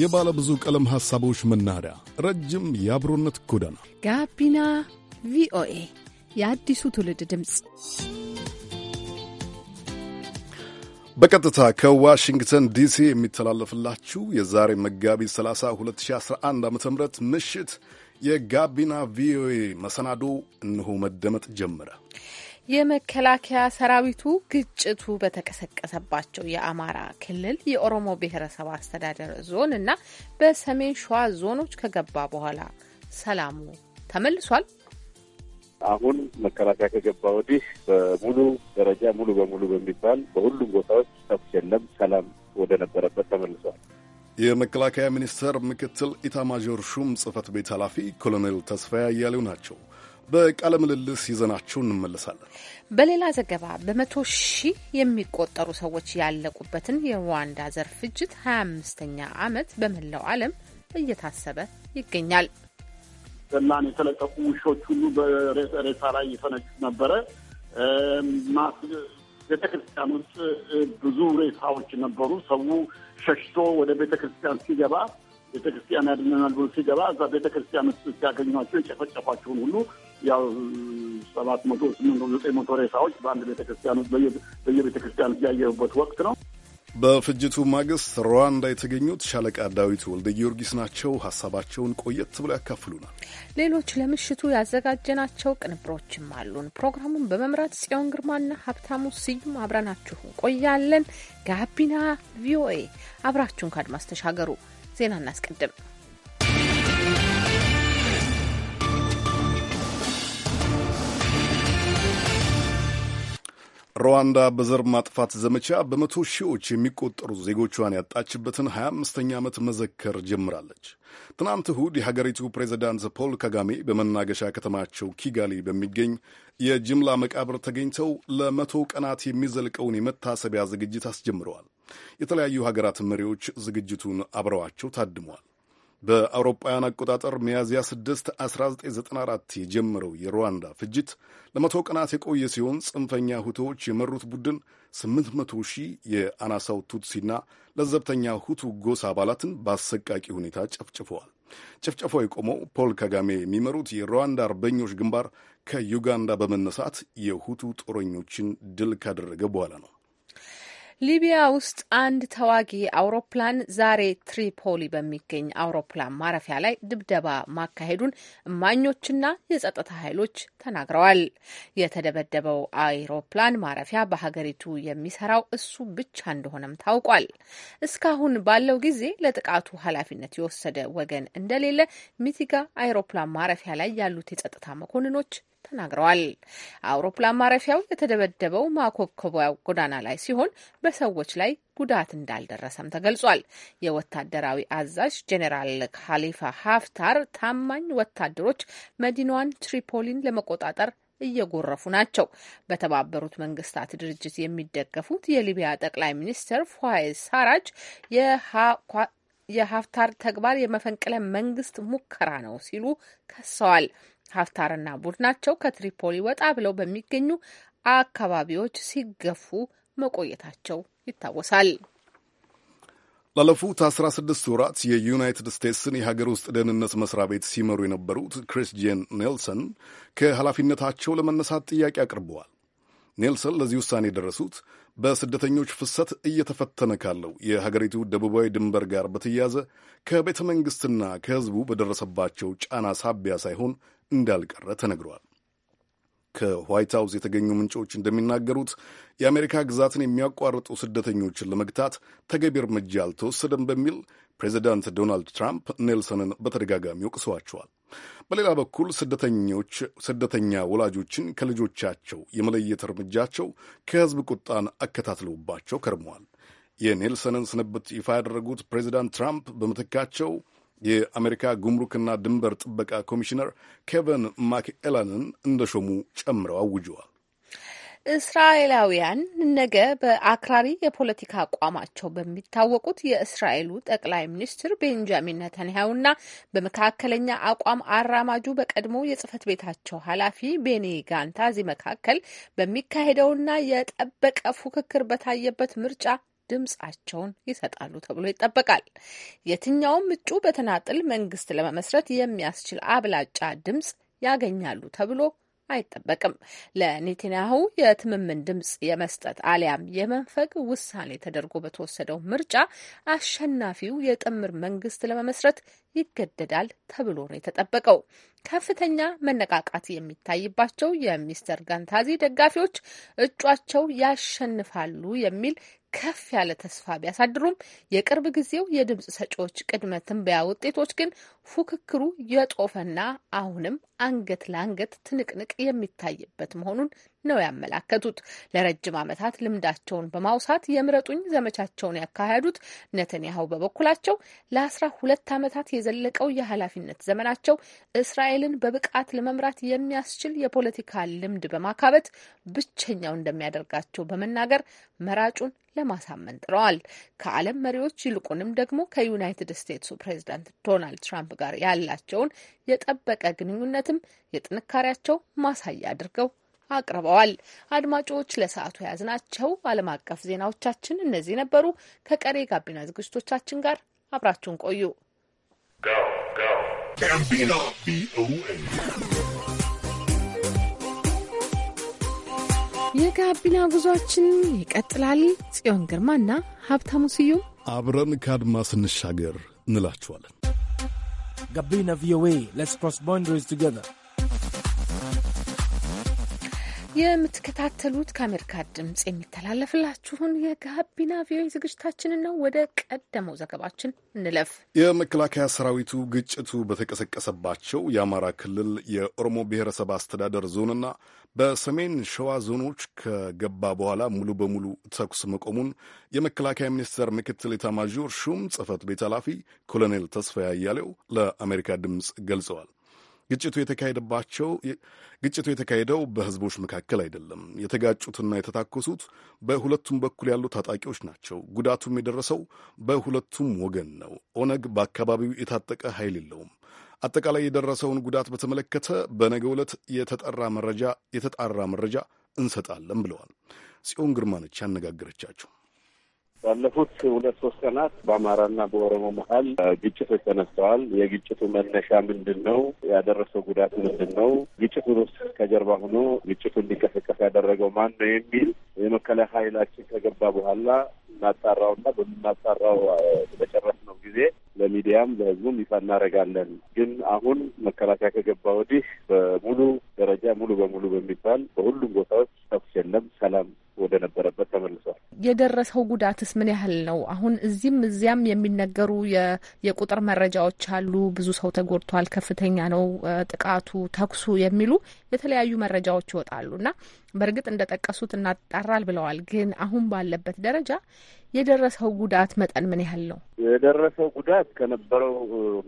የባለ ብዙ ቀለም ሐሳቦች መናኸሪያ፣ ረጅም የአብሮነት ጎዳና ጋቢና ቪኦኤ የአዲሱ ትውልድ ድምፅ በቀጥታ ከዋሽንግተን ዲሲ የሚተላለፍላችሁ የዛሬ መጋቢት 30 2011 ዓ ም ምሽት የጋቢና ቪኦኤ መሰናዶ እነሆ መደመጥ ጀመረ። የመከላከያ ሰራዊቱ ግጭቱ በተቀሰቀሰባቸው የአማራ ክልል የኦሮሞ ብሔረሰብ አስተዳደር ዞን እና በሰሜን ሸዋ ዞኖች ከገባ በኋላ ሰላሙ ተመልሷል። አሁን መከላከያ ከገባ ወዲህ በሙሉ ደረጃ ሙሉ በሙሉ በሚባል በሁሉም ቦታዎች ተኩስ የለም። ሰላም ወደ ነበረበት ተመልሷል። የመከላከያ ሚኒስቴር ምክትል ኢታማዦር ሹም ጽህፈት ቤት ኃላፊ ኮሎኔል ተስፋዬ አያሌው ናቸው። በቃለ ምልልስ ይዘናችሁ እንመለሳለን። በሌላ ዘገባ በመቶ ሺህ የሚቆጠሩ ሰዎች ያለቁበትን የሩዋንዳ ዘር ፍጅት 25ኛ ዓመት በመላው ዓለም እየታሰበ ይገኛል። ዘላን የተለቀቁ ውሾች ሁሉ በሬሳ ላይ እየፈነጩ ነበረ። ቤተክርስቲያን ውስጥ ብዙ ሬሳዎች ነበሩ። ሰው ሸሽቶ ወደ ቤተክርስቲያን ሲገባ ቤተክርስቲያን ያድነናል ብሎ ሲገባ እዛ ቤተክርስቲያን ውስጥ ሲያገኟቸው የጨፈጨፏቸውን ሁሉ ያው ሰባት መቶ ስምንት ዘጠኝ መቶ ሬሳዎች በአንድ ቤተክርስቲያን ውስጥ በየቤተክርስቲያን ያየሁበት ወቅት ነው። በፍጅቱ ማግስት ሩዋንዳ የተገኙት ሻለቃ ዳዊት ወልደ ጊዮርጊስ ናቸው። ሀሳባቸውን ቆየት ብሎ ያካፍሉናል። ሌሎች ለምሽቱ ያዘጋጀናቸው ቅንብሮችም አሉን። ፕሮግራሙን በመምራት ጽዮን ግርማና ሀብታሙ ስዩም አብረናችሁ ቆያለን። ጋቢና ቪኦኤ አብራችሁን ከአድማስ ተሻገሩ። ዜና እናስቀድም። ሩዋንዳ በዘር ማጥፋት ዘመቻ በመቶ ሺዎች የሚቆጠሩ ዜጎቿን ያጣችበትን 25ኛ ዓመት መዘከር ጀምራለች። ትናንት እሁድ የሀገሪቱ ፕሬዚዳንት ፖል ካጋሜ በመናገሻ ከተማቸው ኪጋሊ በሚገኝ የጅምላ መቃብር ተገኝተው ለመቶ ቀናት የሚዘልቀውን የመታሰቢያ ዝግጅት አስጀምረዋል። የተለያዩ ሀገራት መሪዎች ዝግጅቱን አብረዋቸው ታድመዋል። በአውሮፓውያን አቆጣጠር ሚያዝያ 6 1994 የጀመረው የሩዋንዳ ፍጅት ለመቶ ቀናት የቆየ ሲሆን ጽንፈኛ ሁቶዎች የመሩት ቡድን 800 ሺህ የአናሳው ቱትሲና ለዘብተኛ ሁቱ ጎሳ አባላትን በአሰቃቂ ሁኔታ ጨፍጭፈዋል። ጭፍጨፋው የቆመው ፖል ካጋሜ የሚመሩት የሩዋንዳ አርበኞች ግንባር ከዩጋንዳ በመነሳት የሁቱ ጦረኞችን ድል ካደረገ በኋላ ነው። ሊቢያ ውስጥ አንድ ተዋጊ አውሮፕላን ዛሬ ትሪፖሊ በሚገኝ አውሮፕላን ማረፊያ ላይ ድብደባ ማካሄዱን እማኞችና የጸጥታ ኃይሎች ተናግረዋል። የተደበደበው አውሮፕላን ማረፊያ በሀገሪቱ የሚሰራው እሱ ብቻ እንደሆነም ታውቋል። እስካሁን ባለው ጊዜ ለጥቃቱ ኃላፊነት የወሰደ ወገን እንደሌለ ሚቲጋ አውሮፕላን ማረፊያ ላይ ያሉት የጸጥታ መኮንኖች ተናግረዋል። አውሮፕላን ማረፊያው የተደበደበው ማኮብኮቢያ ጎዳና ላይ ሲሆን በሰዎች ላይ ጉዳት እንዳልደረሰም ተገልጿል። የወታደራዊ አዛዥ ጄኔራል ካሊፋ ሀፍታር ታማኝ ወታደሮች መዲናዋን ትሪፖሊን ለመቆጣጠር እየጎረፉ ናቸው። በተባበሩት መንግስታት ድርጅት የሚደገፉት የሊቢያ ጠቅላይ ሚኒስትር ፏይዝ ሳራጅ የሀፍታር ተግባር የመፈንቅለ መንግስት ሙከራ ነው ሲሉ ከሰዋል። ሀፍታርና ቡድናቸው ከትሪፖሊ ወጣ ብለው በሚገኙ አካባቢዎች ሲገፉ መቆየታቸው ይታወሳል። ላለፉት 16 ወራት የዩናይትድ ስቴትስን የሀገር ውስጥ ደህንነት መስሪያ ቤት ሲመሩ የነበሩት ክሪስቲያን ኔልሰን ከኃላፊነታቸው ለመነሳት ጥያቄ አቅርበዋል። ኔልሰን ለዚህ ውሳኔ የደረሱት በስደተኞች ፍሰት እየተፈተነ ካለው የሀገሪቱ ደቡባዊ ድንበር ጋር በተያያዘ ከቤተ መንግሥትና ከሕዝቡ በደረሰባቸው ጫና ሳቢያ ሳይሆን እንዳልቀረ ተነግሯል። ከዋይት ሀውስ የተገኙ ምንጮች እንደሚናገሩት የአሜሪካ ግዛትን የሚያቋርጡ ስደተኞችን ለመግታት ተገቢ እርምጃ አልተወሰደም በሚል ፕሬዚዳንት ዶናልድ ትራምፕ ኔልሰንን በተደጋጋሚ ወቅሰዋቸዋል። በሌላ በኩል ስደተኞች ስደተኛ ወላጆችን ከልጆቻቸው የመለየት እርምጃቸው ከህዝብ ቁጣን አከታትለውባቸው ከርመዋል። የኔልሰንን ስንብት ይፋ ያደረጉት ፕሬዚዳንት ትራምፕ በምትካቸው የአሜሪካ ጉምሩክና ድንበር ጥበቃ ኮሚሽነር ኬቨን ማክኤላንን እንደሾሙ ጨምረው አውጀዋል። እስራኤላውያን ነገ በአክራሪ የፖለቲካ አቋማቸው በሚታወቁት የእስራኤሉ ጠቅላይ ሚኒስትር ቤንጃሚን ነተንያሁና በመካከለኛ አቋም አራማጁ በቀድሞ የጽህፈት ቤታቸው ኃላፊ ቤኒ ጋንታዚ መካከል በሚካሄደውና የጠበቀ ፉክክር በታየበት ምርጫ ድምጻቸውን ይሰጣሉ ተብሎ ይጠበቃል። የትኛውም እጩ በተናጥል መንግስት ለመመስረት የሚያስችል አብላጫ ድምጽ ያገኛሉ ተብሎ አይጠበቅም። ለኔታንያሁ የትምምን ድምጽ የመስጠት አሊያም የመንፈግ ውሳኔ ተደርጎ በተወሰደው ምርጫ አሸናፊው የጥምር መንግስት ለመመስረት ይገደዳል ተብሎ ነው የተጠበቀው። ከፍተኛ መነቃቃት የሚታይባቸው የሚስተር ጋንታዚ ደጋፊዎች እጯቸው ያሸንፋሉ የሚል ከፍ ያለ ተስፋ ቢያሳድሩም የቅርብ ጊዜው የድምፅ ሰጪዎች ቅድመ ትንበያ ውጤቶች ግን ፉክክሩ የጦፈና አሁንም አንገት ለአንገት ትንቅንቅ የሚታይበት መሆኑን ነው ያመላከቱት። ለረጅም ዓመታት ልምዳቸውን በማውሳት የምረጡኝ ዘመቻቸውን ያካሄዱት ነተንያሁ በበኩላቸው ለአስራ ሁለት ዓመታት የዘለቀው የኃላፊነት ዘመናቸው እስራኤልን በብቃት ለመምራት የሚያስችል የፖለቲካ ልምድ በማካበት ብቸኛው እንደሚያደርጋቸው በመናገር መራጩን ለማሳመን ጥረዋል። ከዓለም መሪዎች ይልቁንም ደግሞ ከዩናይትድ ስቴትሱ ፕሬዚዳንት ዶናልድ ትራምፕ ጋር ያላቸውን የጠበቀ ግንኙነትም የጥንካሬያቸው ማሳያ አድርገው አቅርበዋል። አድማጮች ለሰዓቱ የያዝናቸው ዓለም አቀፍ ዜናዎቻችን እነዚህ ነበሩ። ከቀሬ ጋቢና ዝግጅቶቻችን ጋር አብራችሁን ቆዩ። የጋቢና ጉዟችን ይቀጥላል። ጽዮን ግርማና ሀብታሙ ስዩም አብረን ከአድማ ስንሻገር እንላችኋለን። ጋቢና ቪኦኤ ሌትስ ክሮስ ባውንደሪስ ቱጌዘር የምትከታተሉት ከአሜሪካ ድምጽ የሚተላለፍላችሁን የጋቢና ቪኦኤ ዝግጅታችንን ነው። ወደ ቀደመው ዘገባችን እንለፍ። የመከላከያ ሰራዊቱ ግጭቱ በተቀሰቀሰባቸው የአማራ ክልል የኦሮሞ ብሔረሰብ አስተዳደር ዞንና በሰሜን ሸዋ ዞኖች ከገባ በኋላ ሙሉ በሙሉ ተኩስ መቆሙን የመከላከያ ሚኒስቴር ምክትል ኤታማዦር ሹም ጽህፈት ቤት ኃላፊ ኮሎኔል ተስፋ ያያሌው ለአሜሪካ ድምፅ ገልጸዋል። ግጭቱ የተካሄደባቸው ግጭቱ የተካሄደው በህዝቦች መካከል አይደለም። የተጋጩትና የተታኮሱት በሁለቱም በኩል ያሉ ታጣቂዎች ናቸው። ጉዳቱም የደረሰው በሁለቱም ወገን ነው። ኦነግ በአካባቢው የታጠቀ ኃይል የለውም። አጠቃላይ የደረሰውን ጉዳት በተመለከተ በነገ ዕለት የተጠራ መረጃ የተጣራ መረጃ እንሰጣለን ብለዋል። ጽዮን ግርማ ነች ያነጋገረቻቸው። ባለፉት ሁለት ሶስት ቀናት በአማራና በኦሮሞ መሀል ግጭቶች ተነስተዋል። የግጭቱ መነሻ ምንድን ነው? ያደረሰው ጉዳት ምንድን ነው? ግጭቱ ውስጥ ከጀርባ ሆኖ ግጭቱ እንዲቀሰቀስ ያደረገው ማን ነው የሚል የመከላከያ ኃይላችን ከገባ በኋላ እናጣራውና በምናጣራው በጨረስነው ጊዜ ለሚዲያም ለሕዝቡም ይፋ እናደርጋለን። ግን አሁን መከላከያ ከገባ ወዲህ በሙሉ ደረጃ ሙሉ በሙሉ በሚባል በሁሉም ቦታዎች ተኩስ የለም፣ ሰላም ወደ ነበረበት ተመልሷል። የደረሰው ጉዳትስ ምን ያህል ነው? አሁን እዚህም እዚያም የሚነገሩ የቁጥር መረጃዎች አሉ። ብዙ ሰው ተጎድቷል፣ ከፍተኛ ነው ጥቃቱ፣ ተኩሱ የሚሉ የተለያዩ መረጃዎች ይወጣሉ እና በእርግጥ እንደጠቀሱት እናጣራል ብለዋል። ግን አሁን ባለበት ደረጃ የደረሰው ጉዳት መጠን ምን ያህል ነው? የደረሰው ጉዳት ከነበረው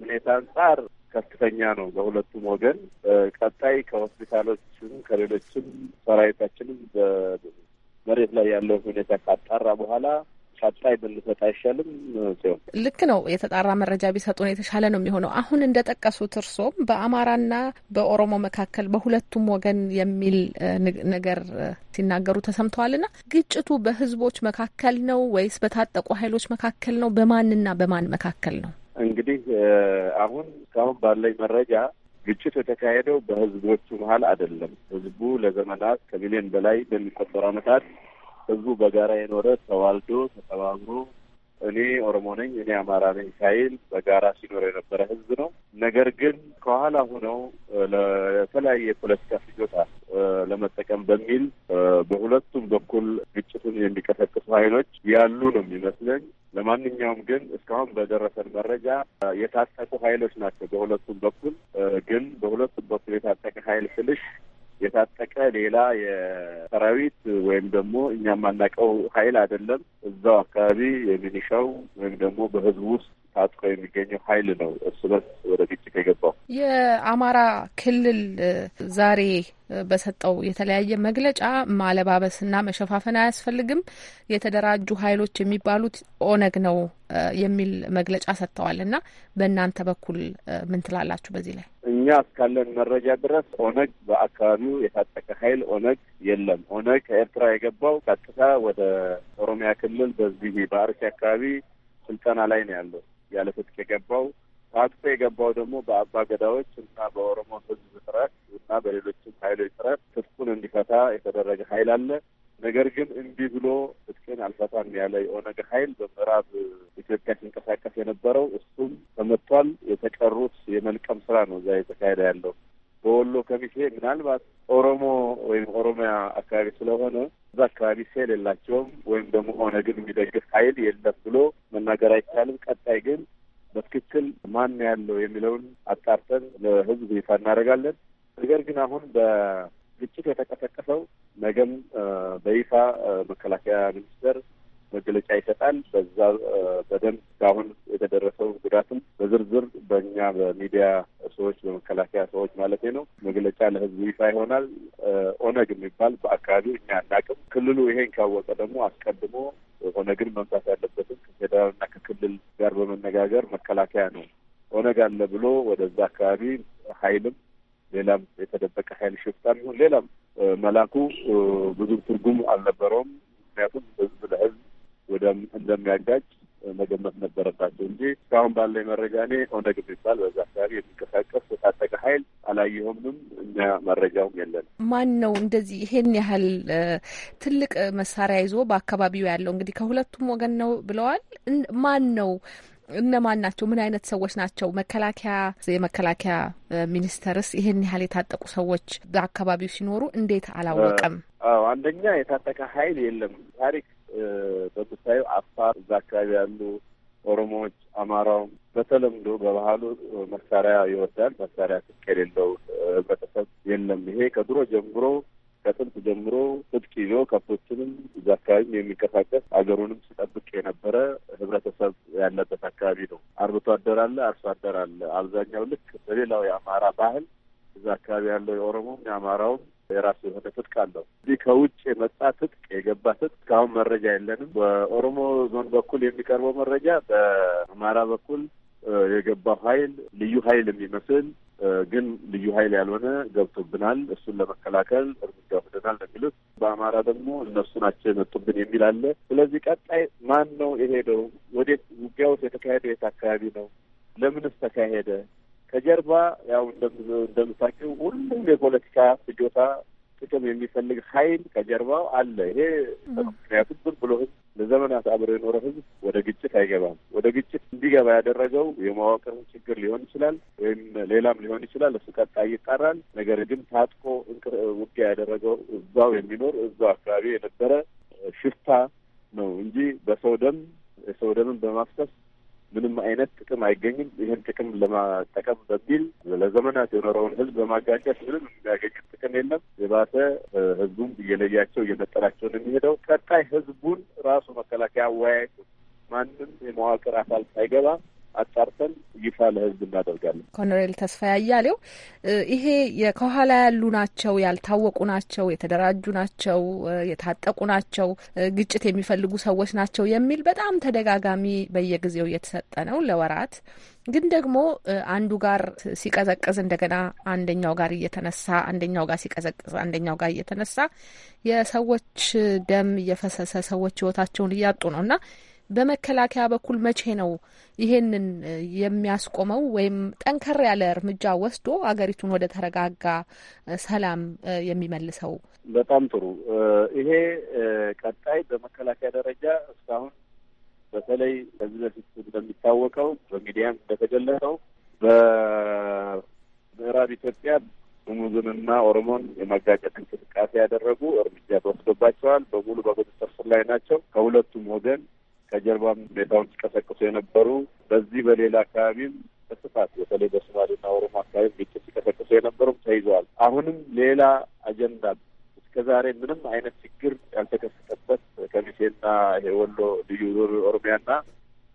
ሁኔታ አንጻር ከፍተኛ ነው። በሁለቱም ወገን ቀጣይ ከሆስፒታሎችም ከሌሎችም ሰራዊታችንም መሬት ላይ ያለው ሁኔታ ካጣራ በኋላ ቀጣይ ብንሰጥ አይሻልም? ልክ ነው። የተጣራ መረጃ ቢሰጡን የተሻለ ነው የሚሆነው። አሁን እንደ ጠቀሱት እርሶም በአማራና በኦሮሞ መካከል በሁለቱም ወገን የሚል ነገር ሲናገሩ ተሰምተዋልና ግጭቱ በህዝቦች መካከል ነው ወይስ በታጠቁ ኃይሎች መካከል ነው? በማንና በማን መካከል ነው? እንግዲህ አሁን እስካሁን ባለኝ መረጃ ግጭት የተካሄደው በህዝቦቹ መሀል አይደለም። ህዝቡ ለዘመናት ከሚሊዮን በላይ በሚቆጠሩ ዓመታት ህዝቡ በጋራ የኖረ ተዋልዶ ተጠባብሮ እኔ ኦሮሞ ነኝ፣ እኔ አማራ ነኝ ሳይል በጋራ ሲኖር የነበረ ህዝብ ነው። ነገር ግን ከኋላ ሆነው ለተለያየ የፖለቲካ ፍጆታ ለመጠቀም በሚል በሁለቱም በኩል ግጭቱን የሚቀሰቅሱ ኃይሎች ያሉ ነው የሚመስለኝ። ለማንኛውም ግን እስካሁን በደረሰን መረጃ የታጠቁ ኃይሎች ናቸው በሁለቱም በኩል ግን በሁለቱም በኩል የታጠቀ ኃይል ስልሽ የታጠቀ ሌላ የሰራዊት ወይም ደግሞ እኛ የማናውቀው ኃይል አይደለም። እዛው አካባቢ የሚኒሻው ወይም ደግሞ በህዝቡ ውስጥ ታጥቆ የሚገኘው ኃይል ነው እርስ በርስ ወደ ግጭት የገባው። የአማራ ክልል ዛሬ በሰጠው የተለያየ መግለጫ ማለባበስና መሸፋፈን አያስፈልግም፣ የተደራጁ ኃይሎች የሚባሉት ኦነግ ነው የሚል መግለጫ ሰጥተዋል እና በእናንተ በኩል ምን ትላላችሁ በዚህ ላይ? እኛ እስካለን መረጃ ድረስ ኦነግ በአካባቢው የታጠቀ ኃይል ኦነግ የለም። ኦነግ ከኤርትራ የገባው ቀጥታ ወደ ኦሮሚያ ክልል በዚህ በአርሲ አካባቢ ስልጠና ላይ ነው ያለው ያለ ትጥቅ የገባው ታጥቆ የገባው ደግሞ በአባ ገዳዎች እና በኦሮሞ ሕዝብ ጥረት እና በሌሎችም ኃይሎች ጥረት ትጥቁን እንዲፈታ የተደረገ ኃይል አለ። ነገር ግን እምቢ ብሎ ትጥቅን አልፈታም ያለ የኦነግ ኃይል በምዕራብ ኢትዮጵያ ሲንቀሳቀስ የነበረው እሱም የመልቀም ስራ ነው እዛ የተካሄደ ያለው። በወሎ ከሚሴ ምናልባት ኦሮሞ ወይም ኦሮሚያ አካባቢ ስለሆነ እዛ አካባቢ ሴል የላቸውም ወይም ደግሞ ኦነግን የሚደግፍ ኃይል የለም ብሎ መናገር አይቻልም። ቀጣይ ግን በትክክል ማን ያለው የሚለውን አጣርተን ለህዝብ ይፋ እናደርጋለን። ነገር ግን አሁን በግጭት የተቀሰቀሰው ነገም በይፋ መከላከያ ሚኒስቴር መግለጫ ይሰጣል። በዛ በደንብ እስካሁን የተደረሰው ጉዳትም በዝርዝር በእኛ በሚዲያ ሰዎች በመከላከያ ሰዎች ማለት ነው መግለጫ ለህዝቡ ይፋ ይሆናል። ኦነግ የሚባል በአካባቢው እኛ አናውቅም። ክልሉ ይሄን ካወቀ ደግሞ አስቀድሞ ኦነግን መምታት ያለበትም ከፌዴራልና ከክልል ጋር በመነጋገር መከላከያ ነው። ኦነግ አለ ብሎ ወደዛ አካባቢ ኃይልም ሌላም የተደበቀ ሀይል ሽፍታም ይሁን ሌላም መላኩ ብዙ ትርጉም አልነበረውም። ምክንያቱም ህዝብ ለህዝብ ወደ እንደሚያጋጭ መገመት ነበረባቸው እንጂ እስካሁን ባለ መረጃ እኔ ኦነግ የሚባል በዛ አካባቢ የሚንቀሳቀስ የታጠቀ ኃይል አላየሁምንም። እኛ መረጃውም የለን። ማን ነው እንደዚህ ይሄን ያህል ትልቅ መሳሪያ ይዞ በአካባቢው ያለው? እንግዲህ ከሁለቱም ወገን ነው ብለዋል። ማን ነው እነማን ናቸው? ምን አይነት ሰዎች ናቸው? መከላከያ የመከላከያ ሚኒስቴርስ ይህን ያህል የታጠቁ ሰዎች በአካባቢው ሲኖሩ እንዴት አላወቀም? አዎ አንደኛ የታጠቀ ኃይል የለም። ታሪክ በምታዩ አፋር፣ እዛ አካባቢ ያሉ ኦሮሞዎች፣ አማራውም በተለምዶ በባህሉ መሳሪያ ይወዳል። መሳሪያ ስቅ የሌለው ህብረተሰብ የለም። ይሄ ከድሮ ጀምሮ ከጥንት ጀምሮ ትጥቅ ይዞ ከብቶችንም እዛ አካባቢ የሚንቀሳቀስ አገሩንም ሲጠብቅ የነበረ ህብረተሰብ ያለበት አካባቢ ነው። አርብቶ አደር አለ፣ አርሶ አደር አለ። አብዛኛው ልክ በሌላው የአማራ ባህል እዛ አካባቢ ያለው የኦሮሞም የአማራውም የራሱ የሆነ ትጥቅ አለው። እዚህ ከውጭ የመጣ ትጥቅ የገባ ትጥቅ እስካሁን መረጃ የለንም። በኦሮሞ ዞን በኩል የሚቀርበው መረጃ በአማራ በኩል የገባው ኃይል ልዩ ኃይል የሚመስል ግን ልዩ ኃይል ያልሆነ ገብቶብናል፣ እሱን ለመከላከል እርምጃ ወስደናል ነው የሚሉት። በአማራ ደግሞ እነሱ ናቸው የመጡብን የሚል አለ። ስለዚህ ቀጣይ ማን ነው የሄደው? ወዴት ውጊያውስ የተካሄደው? የት አካባቢ ነው? ለምንስ ተካሄደ? ከጀርባ ያው እንደምታውቂው ሁሉም የፖለቲካ ፍጆታ ጥቅም የሚፈልግ ኃይል ከጀርባው አለ። ይሄ ምክንያቱም ዝም ብሎ ህዝብ ለዘመናት አብሮ የኖረ ህዝብ ወደ ግጭት አይገባም። ወደ ግጭት እንዲገባ ያደረገው የመዋቅር ችግር ሊሆን ይችላል፣ ወይም ሌላም ሊሆን ይችላል። እሱ ቀጣይ ይጣራል። ነገር ግን ታጥቆ ውጊያ ያደረገው እዛው የሚኖር እዛው አካባቢ የነበረ ሽፍታ ነው እንጂ በሰው ደም የሰው ደምን በማፍሰስ ምንም አይነት ጥቅም አይገኝም። ይህን ጥቅም ለማጠቀም በሚል ለዘመናት የኖረውን ህዝብ በማጋጨት ምንም የሚያገኙት ጥቅም የለም። የባሰ ህዝቡም እየለያቸው እየመጠላቸው ነው የሚሄደው። ቀጣይ ህዝቡን ራሱ መከላከያ አወያየቱ ማንም የመዋቅር አካል ሳይገባ አጣርተን ይፋ ለህዝብ እናደርጋለን። ኮሎኔል ተስፋ ያያሌው፣ ይሄ ከኋላ ያሉ ናቸው፣ ያልታወቁ ናቸው፣ የተደራጁ ናቸው፣ የታጠቁ ናቸው፣ ግጭት የሚፈልጉ ሰዎች ናቸው የሚል በጣም ተደጋጋሚ በየጊዜው እየተሰጠ ነው ለወራት ግን ደግሞ አንዱ ጋር ሲቀዘቅዝ እንደገና አንደኛው ጋር እየተነሳ አንደኛው ጋር ሲቀዘቅዝ አንደኛው ጋር እየተነሳ የሰዎች ደም እየፈሰሰ ሰዎች ህይወታቸውን እያጡ ነው እና በመከላከያ በኩል መቼ ነው ይሄንን የሚያስቆመው ወይም ጠንከር ያለ እርምጃ ወስዶ አገሪቱን ወደ ተረጋጋ ሰላም የሚመልሰው? በጣም ጥሩ። ይሄ ቀጣይ በመከላከያ ደረጃ እስካሁን በተለይ ከዚህ በፊት እንደሚታወቀው በሚዲያም እንደተገለጠው በምዕራብ ኢትዮጵያ ሙዝንና ኦሮሞን የማጋጨት እንቅስቃሴ ያደረጉ እርምጃ ተወስዶባቸዋል። በሙሉ በቁጥጥር ስር ላይ ናቸው። ከሁለቱም ወገን ከጀርባም ሁኔታውን ሲቀሰቅሱ የነበሩ በዚህ በሌላ አካባቢም በስፋት በተለይ በሶማሌና ኦሮሞ አካባቢ ግጭት ሲቀሰቅሱ የነበሩም ተይዘዋል። አሁንም ሌላ አጀንዳ እስከዛሬ ምንም አይነት ችግር ያልተከሰተበት ከሚሴና ወሎ ልዩ ኦሮሚያና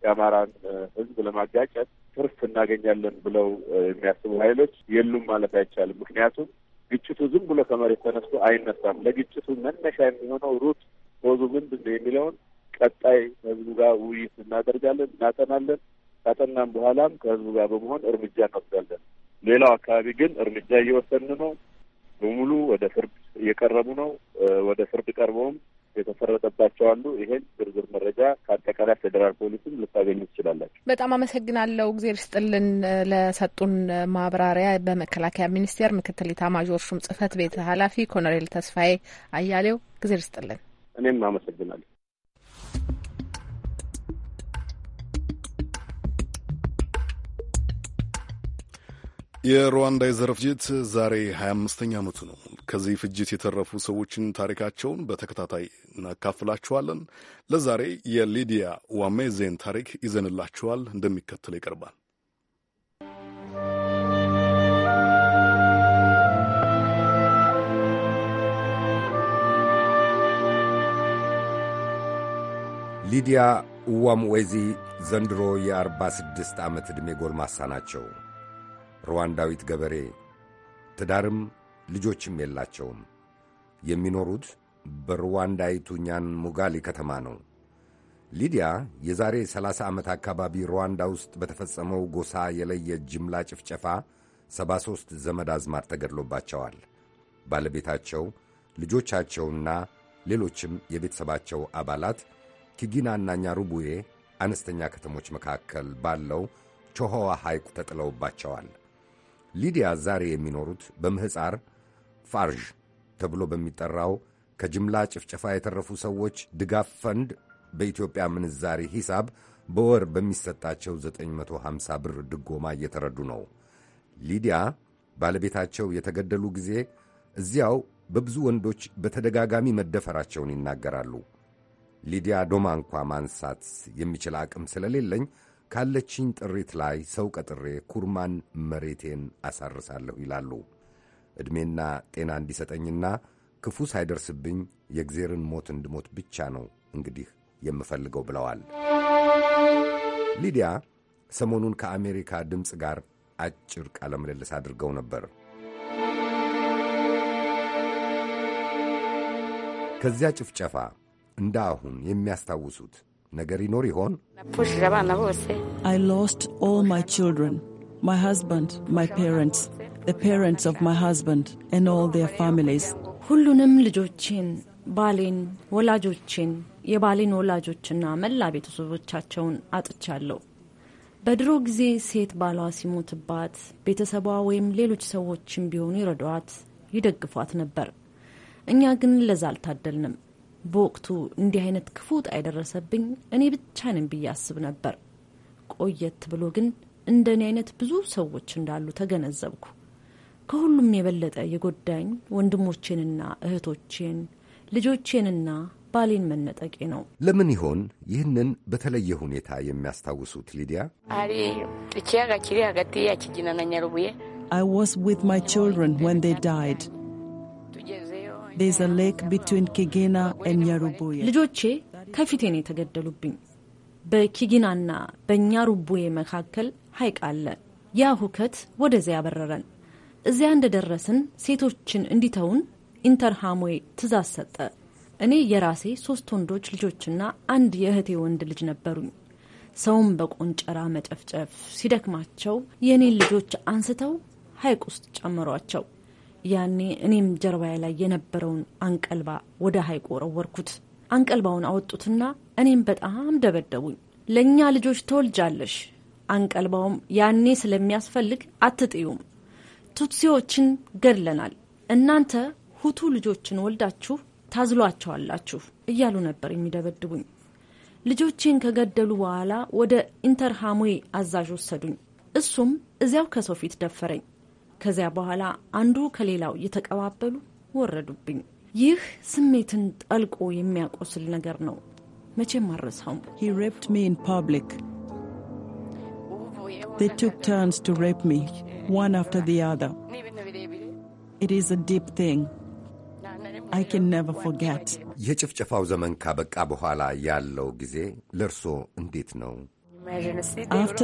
የአማራን ህዝብ ለማጋጨት ትርፍ እናገኛለን ብለው የሚያስቡ ኃይሎች የሉም ማለት አይቻልም። ምክንያቱም ግጭቱ ዝም ብሎ ከመሬት ተነስቶ አይነሳም። ለግጭቱ መነሻ የሚሆነው ሩት ሆዙ ምንድን ነው የሚለውን ቀጣይ ከህዝቡ ጋር ውይይት እናደርጋለን፣ እናጠናለን። ካጠናም በኋላም ከህዝቡ ጋር በመሆን እርምጃ እንወስዳለን። ሌላው አካባቢ ግን እርምጃ እየወሰድን ነው። በሙሉ ወደ ፍርድ እየቀረቡ ነው። ወደ ፍርድ ቀርበውም የተፈረደባቸው አሉ። ይሄን ዝርዝር መረጃ ከአጠቃላይ ፌዴራል ፖሊስም ልታገኙ ትችላላችሁ። በጣም አመሰግናለሁ። እግዜር ስጥልን ለሰጡን ማብራሪያ። በመከላከያ ሚኒስቴር ምክትል ኢታማዦር ሹም ጽህፈት ቤት ኃላፊ ኮሎኔል ተስፋዬ አያሌው እግዜር ስጥልን። እኔም አመሰግናለሁ። የሩዋንዳ የዘር ፍጅት ዛሬ 25ኛ ዓመቱ ነው። ከዚህ ፍጅት የተረፉ ሰዎችን ታሪካቸውን በተከታታይ እናካፍላችኋለን። ለዛሬ የሊዲያ ዋሜዜን ታሪክ ይዘንላችኋል፣ እንደሚከተለው ይቀርባል። ሊዲያ ዋምዌዚ ዘንድሮ የ46 ዓመት ዕድሜ ጎልማሳ ናቸው። ሩዋንዳዊት ገበሬ ትዳርም ልጆችም የላቸውም። የሚኖሩት በሩዋንዳይቱ ኛን ሙጋሊ ከተማ ነው። ሊዲያ የዛሬ 30 ዓመት አካባቢ ሩዋንዳ ውስጥ በተፈጸመው ጎሳ የለየ ጅምላ ጭፍጨፋ 73 ዘመድ አዝማር ተገድሎባቸዋል። ባለቤታቸው፣ ልጆቻቸውና ሌሎችም የቤተሰባቸው አባላት ኪጊናና ኛሩቡዬ አነስተኛ ከተሞች መካከል ባለው ቾሆዋ ሐይቅ ተጥለውባቸዋል። ሊዲያ ዛሬ የሚኖሩት በምህፃር ፋርዥ ተብሎ በሚጠራው ከጅምላ ጭፍጨፋ የተረፉ ሰዎች ድጋፍ ፈንድ በኢትዮጵያ ምንዛሪ ሂሳብ በወር በሚሰጣቸው 950 ብር ድጎማ እየተረዱ ነው። ሊዲያ ባለቤታቸው የተገደሉ ጊዜ እዚያው በብዙ ወንዶች በተደጋጋሚ መደፈራቸውን ይናገራሉ። ሊዲያ ዶማ እንኳ ማንሳት የሚችል አቅም ስለሌለኝ ካለችኝ ጥሪት ላይ ሰው ቀጥሬ ኩርማን መሬቴን አሳርሳለሁ ይላሉ። ዕድሜና ጤና እንዲሰጠኝና ክፉ ሳይደርስብኝ የእግዜርን ሞት እንድሞት ብቻ ነው እንግዲህ የምፈልገው ብለዋል። ሊዲያ ሰሞኑን ከአሜሪካ ድምፅ ጋር አጭር ቃለ ምልልስ አድርገው ነበር። ከዚያ ጭፍጨፋ እንደ አሁን የሚያስታውሱት ነገር ይኖር ይሆን? ሁሉንም ልጆቼን፣ ባሌን፣ ወላጆቼን፣ የባሌን ወላጆችና መላ ቤተሰቦቻቸውን አጥቻለሁ። በድሮ ጊዜ ሴት ባሏ ሲሞትባት ቤተሰቧ ወይም ሌሎች ሰዎችም ቢሆኑ ይረዷት፣ ይደግፏት ነበር። እኛ ግን ለዛ አልታደልንም። በወቅቱ እንዲህ አይነት ክፉ ዕጣ የደረሰብኝ እኔ ብቻ ነኝ ብዬ አስብ ነበር። ቆየት ብሎ ግን እንደ እኔ አይነት ብዙ ሰዎች እንዳሉ ተገነዘብኩ። ከሁሉም የበለጠ የጎዳኝ ወንድሞቼንና እህቶቼን ልጆቼንና ባሌን መነጠቄ ነው። ለምን ይሆን ይህንን በተለየ ሁኔታ የሚያስታውሱት? ሊዲያ I was with my children when they died. ልጆቼ ነው የተገደሉብኝ። በኪጊናና በኛሩቡዬ መካከል ሐይቅ አለ። ያ ሁከት ወደዚያ ያበረረን። እዚያ እንደደረስን ሴቶችን እንዲተውን ኢንተርሃሞዌ ትእዛዝ ሰጠ። እኔ የራሴ ሶስት ወንዶች ልጆችና አንድ የእህቴ ወንድ ልጅ ነበሩኝ። ሰውን በቆንጨራ መጨፍጨፍ ሲደክማቸው የእኔን ልጆች አንስተው ሐይቅ ውስጥ ጨመሯቸው። ያኔ እኔም ጀርባዬ ላይ የነበረውን አንቀልባ ወደ ሀይቁ ወረወርኩት። አንቀልባውን አወጡትና እኔም በጣም ደበደቡኝ። ለእኛ ልጆች ተወልጃለሽ፣ አንቀልባውም ያኔ ስለሚያስፈልግ አትጥዩም። ቱትሲዎችን ገድለናል፣ እናንተ ሁቱ ልጆችን ወልዳችሁ ታዝሏቸዋላችሁ እያሉ ነበር የሚደበድቡኝ። ልጆቼን ከገደሉ በኋላ ወደ ኢንተርሃሙዌ አዛዥ ወሰዱኝ። እሱም እዚያው ከሰው ፊት ደፈረኝ። He raped me in public. They took turns to rape me, one after the other. It is a deep thing. I can never forget. After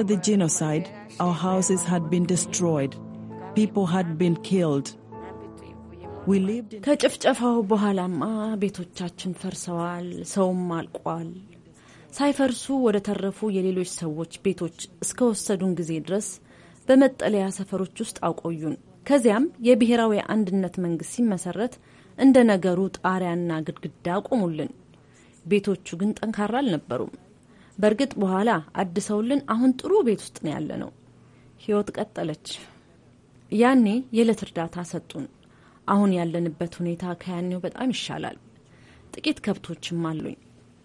the genocide, our houses had been destroyed. ከጭፍጨፋው በኋላማ ቤቶቻችን ፈርሰዋል፣ ሰውም አልቋል። ሳይፈርሱ ወደ ተረፉ የሌሎች ሰዎች ቤቶች እስከ ወሰዱን ጊዜ ድረስ በመጠለያ ሰፈሮች ውስጥ አቆዩን። ከዚያም የብሔራዊ አንድነት መንግስት ሲመሰረት እንደ ነገሩ ጣሪያና ግድግዳ አቆሙልን። ቤቶቹ ግን ጠንካራ አልነበሩም። በእርግጥ በኋላ አድሰውልን አሁን ጥሩ ቤት ውስጥ ነው ያለ ነው። ህይወት ቀጠለች። ያኔ የዕለት እርዳታ ሰጡን። አሁን ያለንበት ሁኔታ ከያኔው በጣም ይሻላል። ጥቂት ከብቶችም አሉኝ።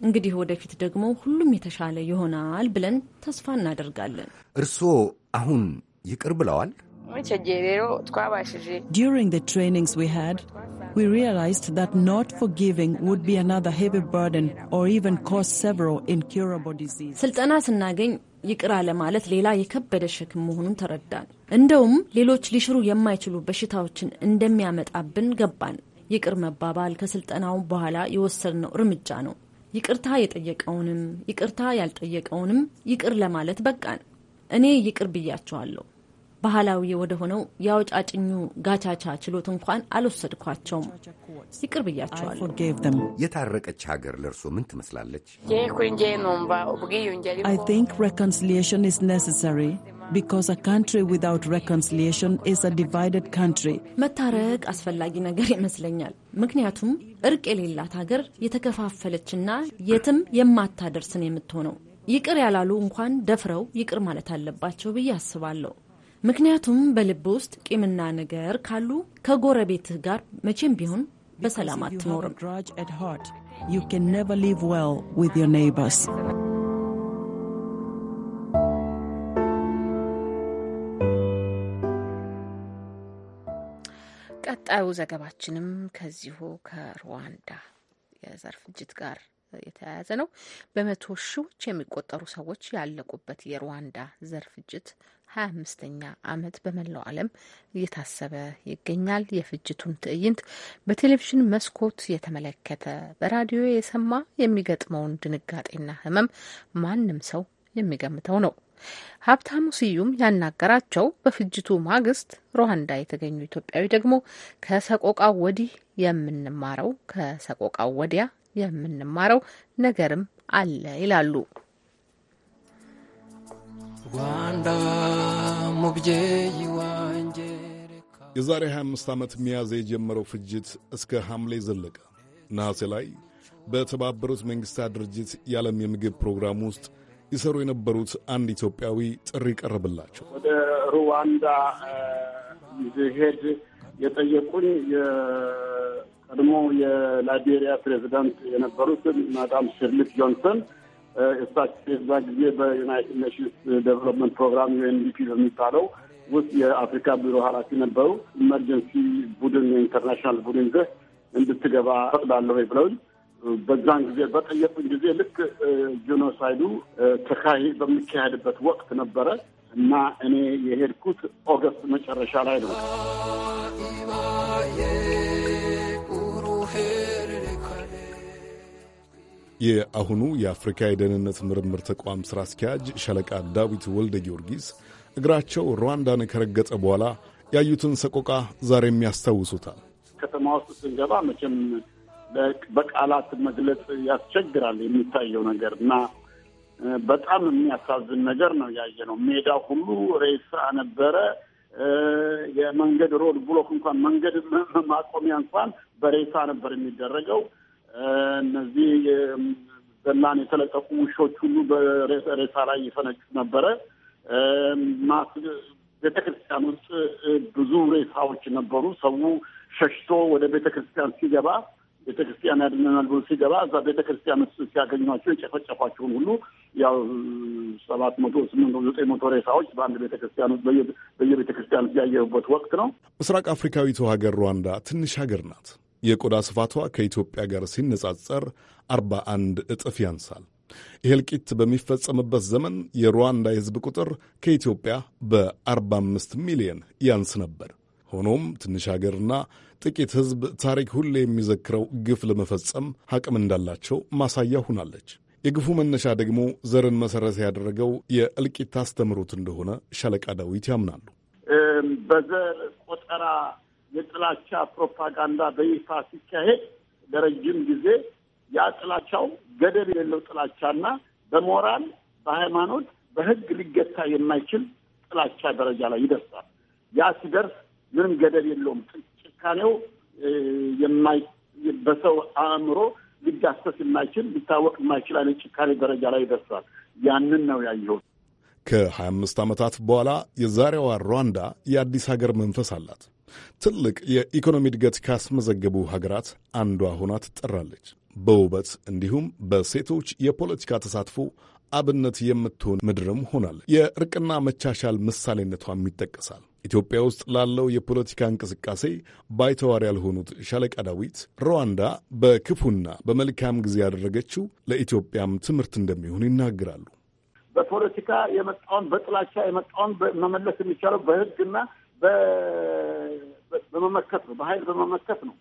እንግዲህ ወደፊት ደግሞ ሁሉም የተሻለ ይሆናል ብለን ተስፋ እናደርጋለን። እርስዎ አሁን ይቅር ብለዋል? During the trainings we had, we realized that not forgiving would be another heavy burden or even cause several incurable diseases. ስልጠና ስናገኝ ይቅር አለማለት ሌላ የከበደ ሸክም መሆኑን ተረዳን። እንደውም ሌሎች ሊሽሩ የማይችሉ በሽታዎችን እንደሚያመጣብን ገባን። ይቅር መባባል ከስልጠናው በኋላ የወሰድነው እርምጃ ነው። ይቅርታ የጠየቀውንም ይቅርታ ያልጠየቀውንም ይቅር ለማለት በቃን። እኔ ይቅር ብያቸዋለሁ። ባህላዊ ወደ ሆነው የአውጫጭኙ ጋቻቻ ችሎት እንኳን አልወሰድኳቸውም። ይቅር ብያቸዋለሁ። የታረቀች ሀገር ለእርሶ ምን ትመስላለች? መታረቅ አስፈላጊ ነገር ይመስለኛል። ምክንያቱም እርቅ የሌላት ሀገር የተከፋፈለችና የትም የማታደርስን የምትሆነው። ይቅር ያላሉ እንኳን ደፍረው ይቅር ማለት አለባቸው ብዬ አስባለሁ። ምክንያቱም በልብ ውስጥ ቂምና ነገር ካሉ ከጎረቤትህ ጋር መቼም ቢሆን በሰላም አትኖርም። ቀጣዩ ዘገባችንም ከዚሁ ከሩዋንዳ የዘር ፍጅት ጋር የተያያዘ ነው። በመቶ ሺዎች የሚቆጠሩ ሰዎች ያለቁበት የሩዋንዳ ዘር ፍጅት ሀያ አምስተኛ ዓመት በመላው ዓለም እየታሰበ ይገኛል። የፍጅቱን ትዕይንት በቴሌቪዥን መስኮት የተመለከተ በራዲዮ የሰማ የሚገጥመውን ድንጋጤና ሕመም ማንም ሰው የሚገምተው ነው። ሀብታሙ ስዩም ያናገራቸው በፍጅቱ ማግስት ሩዋንዳ የተገኙ ኢትዮጵያዊ ደግሞ ከሰቆቃው ወዲህ የምንማረው ከሰቆቃው ወዲያ የምንማረው ነገርም አለ ይላሉ። የዛሬ 25 ዓመት ሚያዝያ የጀመረው ፍጅት እስከ ሐምሌ ዘለቀ። ነሐሴ ላይ በተባበሩት መንግሥታት ድርጅት የዓለም የምግብ ፕሮግራም ውስጥ ይሰሩ የነበሩት አንድ ኢትዮጵያዊ ጥሪ ቀረብላቸው። ወደ ሩዋንዳ ሄድ የጠየቁኝ ቀድሞ የላይቤሪያ ፕሬዚዳንት የነበሩት ማዳም ሼርሊክ ጆንሰን እሳቸው የዛ ጊዜ በዩናይትድ ኔሽንስ ዴቨሎፕመንት ፕሮግራም ዩኤንዲፒ በሚባለው ውስጥ የአፍሪካ ቢሮ ኃላፊ ነበሩ። ኢመርጀንሲ ቡድን የኢንተርናሽናል ቡድን ዘህ እንድትገባ ፈቅዳለሁ ብለውኝ በዛን ጊዜ በጠየቁኝ ጊዜ ልክ ጂኖሳይዱ ተካሂ በሚካሄድበት ወቅት ነበረ እና እኔ የሄድኩት ኦገስት መጨረሻ ላይ ነው። የአሁኑ የአፍሪካ የደህንነት ምርምር ተቋም ሥራ አስኪያጅ ሸለቃ ዳዊት ወልደ ጊዮርጊስ እግራቸው ሩዋንዳን ከረገጠ በኋላ ያዩትን ሰቆቃ ዛሬም ያስታውሱታል። ከተማ ውስጥ ስንገባ መቼም በቃላት መግለጽ ያስቸግራል የሚታየው ነገር እና በጣም የሚያሳዝን ነገር ነው ያየ ነው። ሜዳ ሁሉ ሬሳ ነበረ። የመንገድ ሮድ ብሎክ እንኳን መንገድ ማቆሚያ እንኳን በሬሳ ነበር የሚደረገው። እነዚህ ዘላን የተለቀቁ ውሾች ሁሉ በሬሳ ላይ እየፈነጩ ነበረ። ቤተ ክርስቲያን ውስጥ ብዙ ሬሳዎች ነበሩ። ሰው ሸሽቶ ወደ ቤተ ክርስቲያን ሲገባ ቤተ ክርስቲያን ያድነናል ብሎ ሲገባ እዛ ቤተ ክርስቲያን ውስጥ ሲያገኟቸው የጨፈጨፏቸውን ሁሉ ያው ሰባት መቶ ስምንት ዘጠኝ መቶ ሬሳዎች በአንድ ቤተ ክርስቲያን ውስጥ በየቤተ ክርስቲያን ያየሁበት ወቅት ነው። ምስራቅ አፍሪካዊቱ ሀገር ሩዋንዳ ትንሽ ሀገር ናት። የቆዳ ስፋቷ ከኢትዮጵያ ጋር ሲነጻጸር 41 እጥፍ ያንሳል። ይህ እልቂት በሚፈጸምበት ዘመን የሩዋንዳ የሕዝብ ቁጥር ከኢትዮጵያ በ45 ሚሊዮን ያንስ ነበር። ሆኖም ትንሽ አገርና ጥቂት ሕዝብ ታሪክ ሁሌ የሚዘክረው ግፍ ለመፈጸም አቅም እንዳላቸው ማሳያ ሆናለች። የግፉ መነሻ ደግሞ ዘርን መሰረት ያደረገው የእልቂት አስተምሮት እንደሆነ ሻለቃ ዳዊት ያምናሉ። በዘር ቆጠራ የጥላቻ ፕሮፓጋንዳ በይፋ ሲካሄድ ለረጅም ጊዜ ያ ጥላቻው ገደብ የሌለው ጥላቻና በሞራል በሃይማኖት፣ በህግ ሊገታ የማይችል ጥላቻ ደረጃ ላይ ይደርሳል። ያ ሲደርስ ምንም ገደብ የለውም። ጭካኔው በሰው አእምሮ ሊዳሰስ የማይችል ሊታወቅ የማይችል አይነት ጭካኔ ደረጃ ላይ ይደርሳል። ያንን ነው ያየሁት። ከሀያ አምስት ዓመታት በኋላ የዛሬዋ ሩዋንዳ የአዲስ ሀገር መንፈስ አላት። ትልቅ የኢኮኖሚ እድገት ካስመዘገቡ ሀገራት አንዷ ሆና ትጠራለች። በውበት እንዲሁም በሴቶች የፖለቲካ ተሳትፎ አብነት የምትሆን ምድርም ሆናለች። የእርቅና መቻሻል ምሳሌነቷም ይጠቀሳል። ኢትዮጵያ ውስጥ ላለው የፖለቲካ እንቅስቃሴ ባይተዋር ያልሆኑት ሻለቃ ዳዊት ሩዋንዳ በክፉና በመልካም ጊዜ ያደረገችው ለኢትዮጵያም ትምህርት እንደሚሆን ይናገራሉ። በፖለቲካ የመጣውን በጥላቻ የመጣውን መመለስ የሚቻለው በሕግና በመመከት ነው፣ በኃይል በመመከት ነው።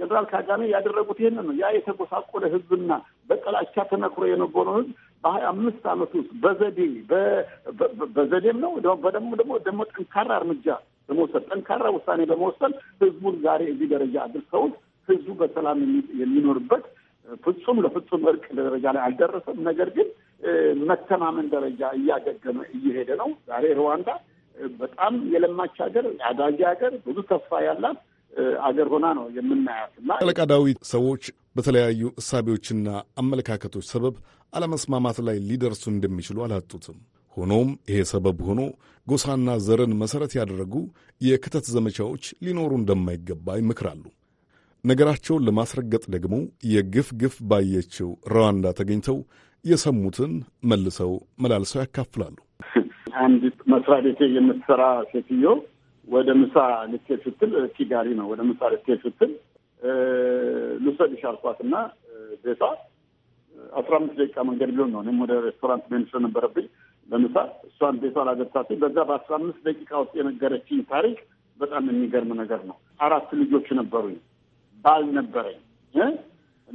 ጀነራል ካጋሜ ያደረጉት ይህንን ነው። ያ የተጎሳቆለ ህዝብና በጥላቻ ተነክሮ የነበረው ህዝብ በሀያ አምስት አመት ውስጥ በዘዴ በዘዴም ነው በደሞ ደግሞ ደግሞ ጠንካራ እርምጃ በመውሰድ ጠንካራ ውሳኔ በመወሰን ህዝቡን ዛሬ እዚህ ደረጃ አድርሰውት ህዝቡ በሰላም የሚኖርበት ፍጹም ለፍጹም እርቅ ደረጃ ላይ አልደረሰም። ነገር ግን መተማመን ደረጃ እያገገመ እየሄደ ነው። ዛሬ ሩዋንዳ በጣም የለማች ሀገር፣ አዳጊ ሀገር፣ ብዙ ተስፋ ያላት አገር ሆና ነው የምናያት እና ጠለቃ ዳዊት ሰዎች በተለያዩ እሳቤዎችና አመለካከቶች ሰበብ አለመስማማት ላይ ሊደርሱ እንደሚችሉ አላጡትም። ሆኖም ይሄ ሰበብ ሆኖ ጎሳና ዘርን መሠረት ያደረጉ የክተት ዘመቻዎች ሊኖሩ እንደማይገባ ይመክራሉ። ነገራቸውን ለማስረገጥ ደግሞ የግፍ ግፍ ባየችው ሩዋንዳ ተገኝተው የሰሙትን መልሰው መላልሰው ያካፍላሉ። አንድ መስሪያ ቤቴ የምትሰራ ሴትዮ ወደ ምሳ ልትሄድ ስትል ኪጋሪ ነው። ወደ ምሳ ልትሄድ ስትል ልውሰድሽ አልኳት እና ቤቷ አስራ አምስት ደቂቃ መንገድ ቢሆን ነው። እኔም ወደ ሬስቶራንት መሄድ ስለነበረብኝ ለምሳ እሷን ቤቷ ላገብታት በዛ በአስራ አምስት ደቂቃ ውስጥ የነገረችኝ ታሪክ በጣም የሚገርም ነገር ነው። አራት ልጆች ነበሩኝ፣ ባል ነበረኝ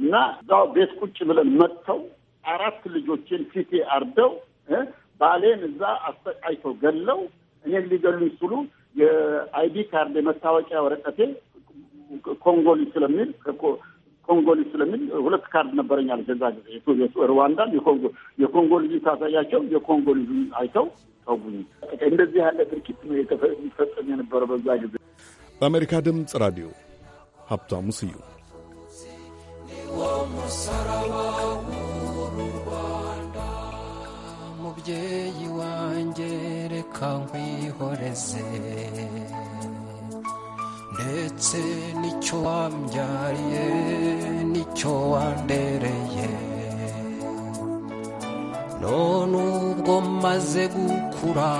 እና እዛው ቤት ቁጭ ብለን መጥተው አራት ልጆችን ፊቴ አርደው ባሌን እዛ አስጠቃይተው ገለው እኔን ሊገሉኝ ስሉ የአይዲ ካርድ የመታወቂያ ወረቀቴ ኮንጎሊ ስለሚል ኮንጎሊ ስለሚል ሁለት ካርድ ነበረኛል። አለች። ጊዜ ሩዋንዳን የኮንጎ ልጅ ታሳያቸው የኮንጎ ልጅ አይተው ተውኝ። እንደዚህ ያለ ድርጊት ነው የሚፈጸም የነበረ በዛ ጊዜ። በአሜሪካ ድምፅ ራዲዮ ሀብታሙ ስዩም mubyeyi wanjye reka nkwihoreze ndetse n'icyo wambyariye n'icyo wandereye none ubwo maze gukura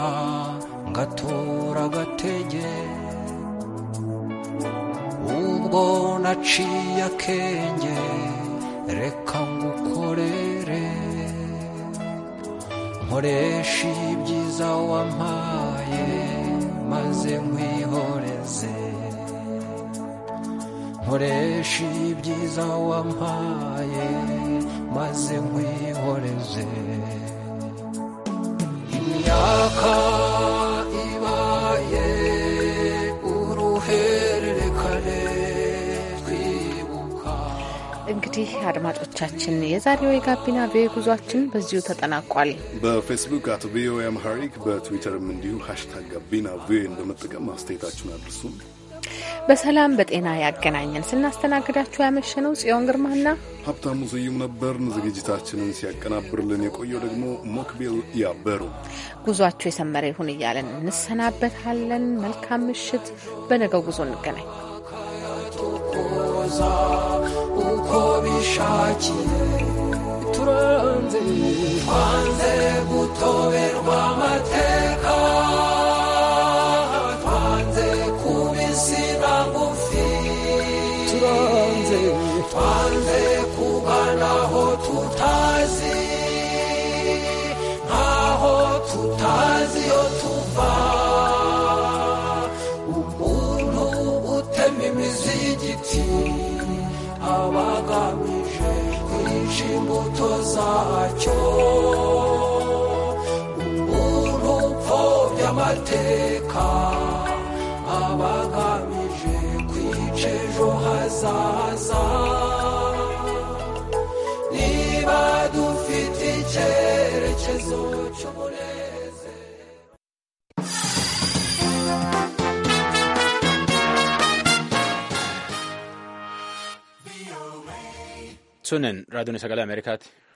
ngatora agatege ubwo naciye akenge reka ngukore nkoresha ibyiza wampaye maze nkwihoreze nkoresha ibyiza wampaye maze nkwihoreze imyaka አድማጮቻችን የዛሬው የጋቢና ቪኦኤ ጉዟችን በዚሁ ተጠናቋል። በፌስቡክ አቶ ቪኦኤ አምሃሪክ በትዊተርም እንዲሁ ሀሽታግ ጋቢና ቪኦኤን በመጠቀም አስተያየታችሁን አድርሱ። በሰላም በጤና ያገናኘን። ስናስተናግዳችሁ ያመሸነው ጽዮን ግርማና ሀብታሙ ስዩም ነበርን። ዝግጅታችንን ሲያቀናብርልን የቆየው ደግሞ ሞክቢል ያበሩ። ጉዟችሁ የሰመረ ይሁን እያለን እንሰናበታለን። መልካም ምሽት። በነገው ጉዞ እንገናኝ። uko bishakiye turanze twanze gutoberwa amateka sunin raadiyoon sagale ameerikaati.